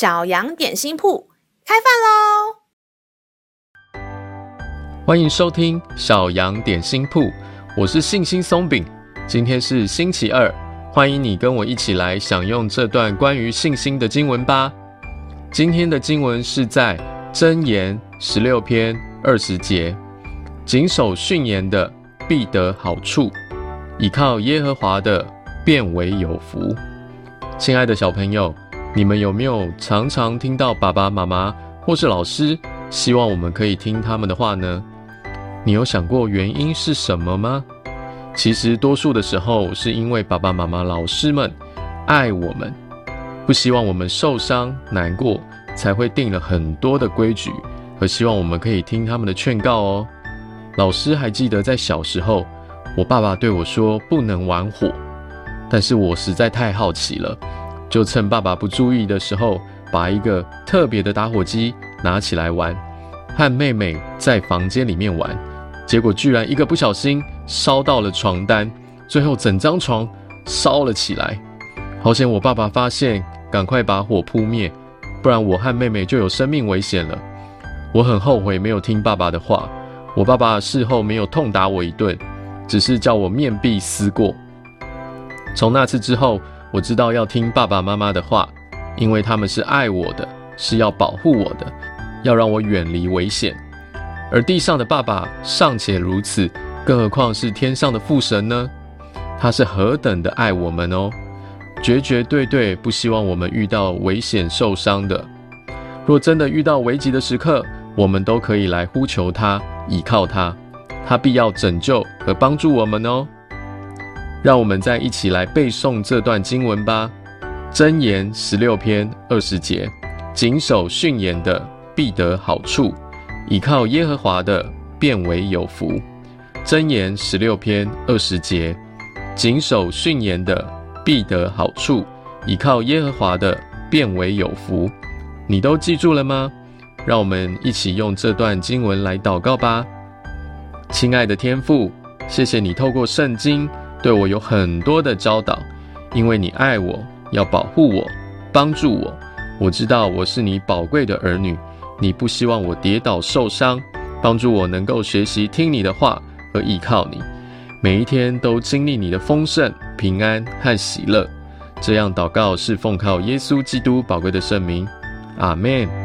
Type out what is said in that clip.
小羊點心鋪開飯嘍！歡迎收聽小羊點心鋪，我是信心鬆餅。今天是星期二，歡迎你跟我一起來享用這段關於信心的經文吧。今天的經文是在箴言十六篇二十節：謹守訓言的必得好處，倚靠耶和華的便為有福。親愛的小朋友。你們有沒有常常聽到爸爸媽媽或是老師希望我們可以聽他們的話呢？你有想過原因是什麼嗎？其實多數的時候是因為爸爸媽媽、老師們愛我們，不希望我們受傷難過，才會定了很多的規矩，和希望我們可以聽他們的勸告哦。老師還記得在小時候，我爸爸對我說不能玩火，但是我實在太好奇了。就趁爸爸不注意的時候，把一個特別的打火機拿起來玩，和妹妹在房間裡面玩，結果居然一個不小心燒到了床單，最後整張床燒了起來。好險，我爸爸發現，趕快把火撲滅，不然我和妹妹就有生命危險了。我很後悔沒有聽爸爸的話，我爸爸事後沒有痛打我一頓，只是叫我面壁思過。從那次之後，我知道要聽爸爸媽媽的話，因為他們是愛我的，是要保護我的，要讓我遠離危險。而地上的爸爸尚且如此，更何況是天上的父神呢？他是何等的愛我們哦，絕絕對對不希望我們遇到危險受傷的。若真的遇到危急的時刻，我們都可以來呼求他，倚靠他，他必要拯救和幫助我們哦。讓我們再一起來背誦這段經文吧，《箴言》十六篇二十節：謹守訓言的必得好處，倚靠耶和華的變為有福。《箴言》十六篇二十節：謹守訓言的必得好處，倚靠耶和華的變為有福。你都記住了嗎？讓我們一起用這段經文來禱告吧，親愛的天父，謝謝你透過聖經。對我有很多的教導，因為你愛我，要保護我，幫助我。我知道我是你寶貴的兒女，你不希望我跌倒受傷，幫助我能夠學習聽你的話和依靠你。每一天都經歷你的豐盛、平安和喜樂。這樣禱告是奉靠耶穌基督寶貴的聖名。阿門。